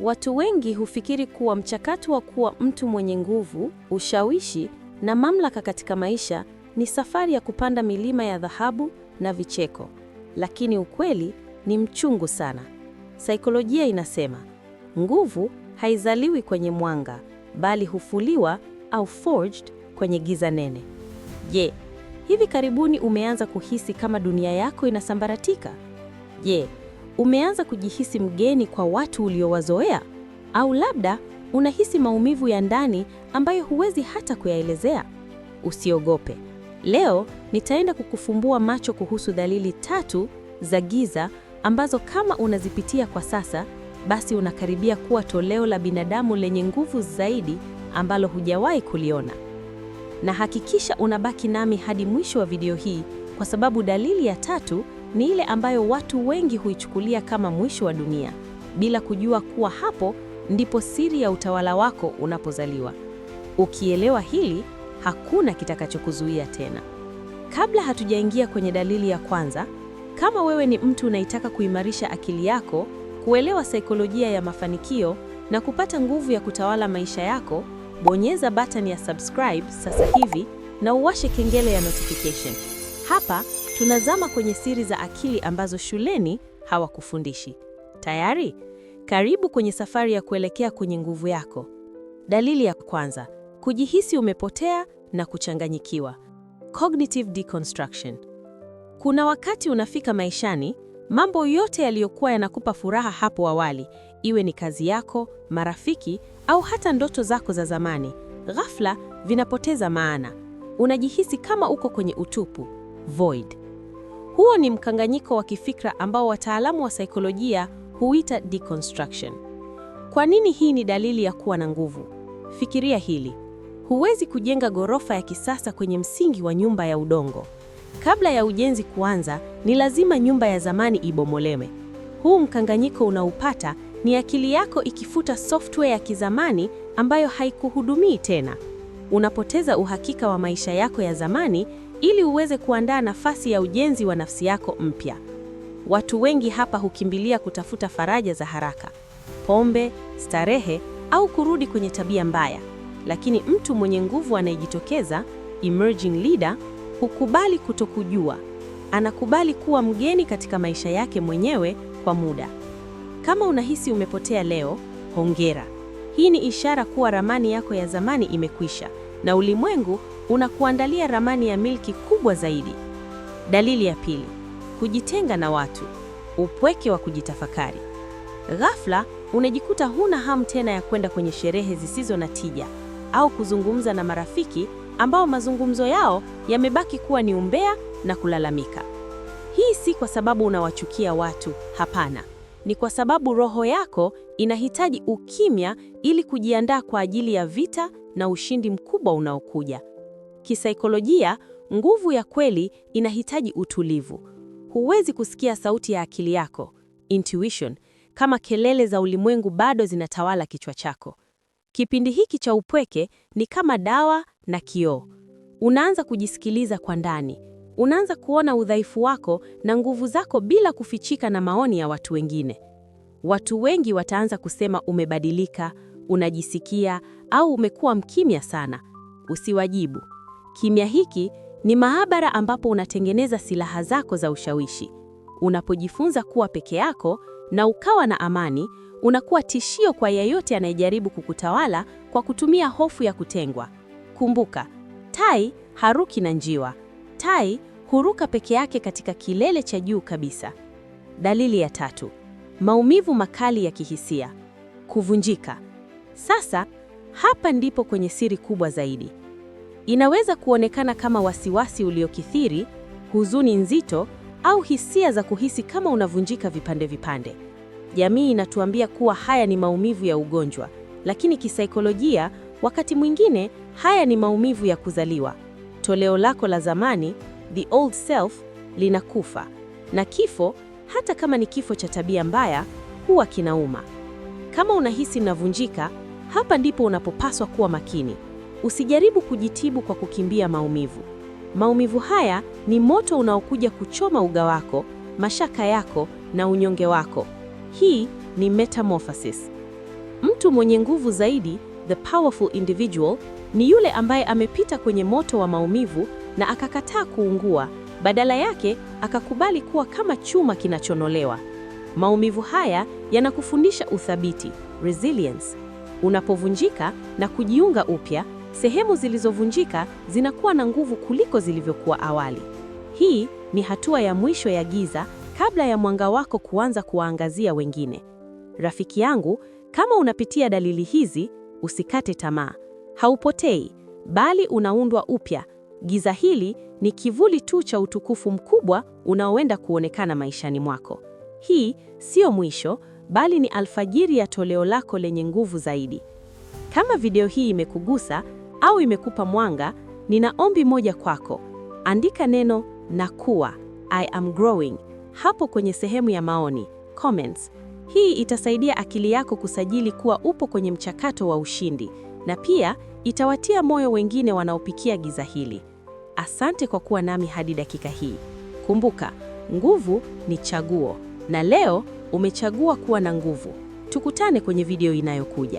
Watu wengi hufikiri kuwa mchakato wa kuwa mtu mwenye nguvu, ushawishi na mamlaka katika maisha ni safari ya kupanda milima ya dhahabu na vicheko, lakini ukweli ni mchungu sana. Saikolojia inasema nguvu haizaliwi kwenye mwanga, bali hufuliwa au forged kwenye giza nene. Je, hivi karibuni umeanza kuhisi kama dunia yako inasambaratika? Je, Umeanza kujihisi mgeni kwa watu uliowazoea, au labda unahisi maumivu ya ndani ambayo huwezi hata kuyaelezea. Usiogope, leo nitaenda kukufumbua macho kuhusu dalili tatu za giza ambazo kama unazipitia kwa sasa, basi unakaribia kuwa toleo la binadamu lenye nguvu zaidi ambalo hujawahi kuliona. Na hakikisha unabaki nami hadi mwisho wa video hii, kwa sababu dalili ya tatu ni ile ambayo watu wengi huichukulia kama mwisho wa dunia, bila kujua kuwa hapo ndipo siri ya utawala wako unapozaliwa. Ukielewa hili, hakuna kitakachokuzuia tena. Kabla hatujaingia kwenye dalili ya kwanza, kama wewe ni mtu unaitaka kuimarisha akili yako, kuelewa saikolojia ya mafanikio na kupata nguvu ya kutawala maisha yako, bonyeza button ya subscribe sasa hivi na uwashe kengele ya notification. Hapa tunazama kwenye siri za akili ambazo shuleni hawakufundishi. Tayari? Karibu kwenye safari ya kuelekea kwenye nguvu yako. Dalili ya kwanza, kujihisi umepotea na kuchanganyikiwa. Cognitive deconstruction. Kuna wakati unafika maishani, mambo yote yaliyokuwa yanakupa furaha hapo awali, iwe ni kazi yako, marafiki au hata ndoto zako za zamani, ghafla vinapoteza maana. Unajihisi kama uko kwenye utupu void. Huo ni mkanganyiko wa kifikra ambao wataalamu wa saikolojia huita deconstruction. Kwa nini hii ni dalili ya kuwa na nguvu? Fikiria hili. Huwezi kujenga ghorofa ya kisasa kwenye msingi wa nyumba ya udongo. Kabla ya ujenzi kuanza, ni lazima nyumba ya zamani ibomolewe. Huu mkanganyiko unaupata ni akili yako ikifuta software ya kizamani ambayo haikuhudumii tena unapoteza uhakika wa maisha yako ya zamani ili uweze kuandaa nafasi ya ujenzi wa nafsi yako mpya. Watu wengi hapa hukimbilia kutafuta faraja za haraka, pombe, starehe au kurudi kwenye tabia mbaya. Lakini mtu mwenye nguvu anayejitokeza, emerging leader, hukubali kutokujua. Anakubali kuwa mgeni katika maisha yake mwenyewe kwa muda. Kama unahisi umepotea leo, hongera. Hii ni ishara kuwa ramani yako ya zamani imekwisha na ulimwengu unakuandalia ramani ya milki kubwa zaidi. Dalili ya pili: kujitenga na watu, upweke wa kujitafakari. Ghafla unajikuta huna hamu tena ya kwenda kwenye sherehe zisizo na tija au kuzungumza na marafiki ambao mazungumzo yao yamebaki kuwa ni umbea na kulalamika. Hii si kwa sababu unawachukia watu, hapana ni kwa sababu roho yako inahitaji ukimya ili kujiandaa kwa ajili ya vita na ushindi mkubwa unaokuja. Kisaikolojia, nguvu ya kweli inahitaji utulivu. Huwezi kusikia sauti ya akili yako, intuition, kama kelele za ulimwengu bado zinatawala kichwa chako. Kipindi hiki cha upweke ni kama dawa na kioo. Unaanza kujisikiliza kwa ndani unaanza kuona udhaifu wako na nguvu zako bila kufichika na maoni ya watu wengine. Watu wengi wataanza kusema umebadilika, unajisikia au umekuwa mkimya sana. Usiwajibu. Kimya hiki ni maabara ambapo unatengeneza silaha zako za ushawishi. Unapojifunza kuwa peke yako na ukawa na amani, unakuwa tishio kwa yeyote anayejaribu kukutawala kwa kutumia hofu ya kutengwa. Kumbuka, tai haruki na njiwa. Tai huruka peke yake katika kilele cha juu kabisa. Dalili ya tatu, maumivu makali ya kihisia, kuvunjika. Sasa hapa ndipo kwenye siri kubwa zaidi. Inaweza kuonekana kama wasiwasi uliokithiri, huzuni nzito, au hisia za kuhisi kama unavunjika vipande vipande. Jamii inatuambia kuwa haya ni maumivu ya ugonjwa, lakini kisaikolojia, wakati mwingine haya ni maumivu ya kuzaliwa. Toleo lako la zamani, the old self, linakufa, na kifo, hata kama ni kifo cha tabia mbaya, huwa kinauma. Kama unahisi unavunjika, hapa ndipo unapopaswa kuwa makini. Usijaribu kujitibu kwa kukimbia maumivu. Maumivu haya ni moto unaokuja kuchoma uga wako, mashaka yako na unyonge wako. Hii ni metamorphosis. Mtu mwenye nguvu zaidi, the powerful individual, ni yule ambaye amepita kwenye moto wa maumivu na akakataa kuungua, badala yake akakubali kuwa kama chuma kinachonolewa. Maumivu haya yanakufundisha uthabiti, resilience. Unapovunjika na kujiunga upya, sehemu zilizovunjika zinakuwa na nguvu kuliko zilivyokuwa awali. Hii ni hatua ya mwisho ya giza kabla ya mwanga wako kuanza kuwaangazia wengine. Rafiki yangu, kama unapitia dalili hizi, usikate tamaa haupotei bali unaundwa upya. Giza hili ni kivuli tu cha utukufu mkubwa unaoenda kuonekana maishani mwako. Hii sio mwisho, bali ni alfajiri ya toleo lako lenye nguvu zaidi. Kama video hii imekugusa au imekupa mwanga, nina ombi moja kwako. Andika neno nakuwa, I am growing, hapo kwenye sehemu ya maoni comments. Hii itasaidia akili yako kusajili kuwa upo kwenye mchakato wa ushindi na pia itawatia moyo wengine wanaopikia giza hili. Asante kwa kuwa nami hadi dakika hii. Kumbuka, nguvu ni chaguo, na leo umechagua kuwa na nguvu. Tukutane kwenye video inayokuja.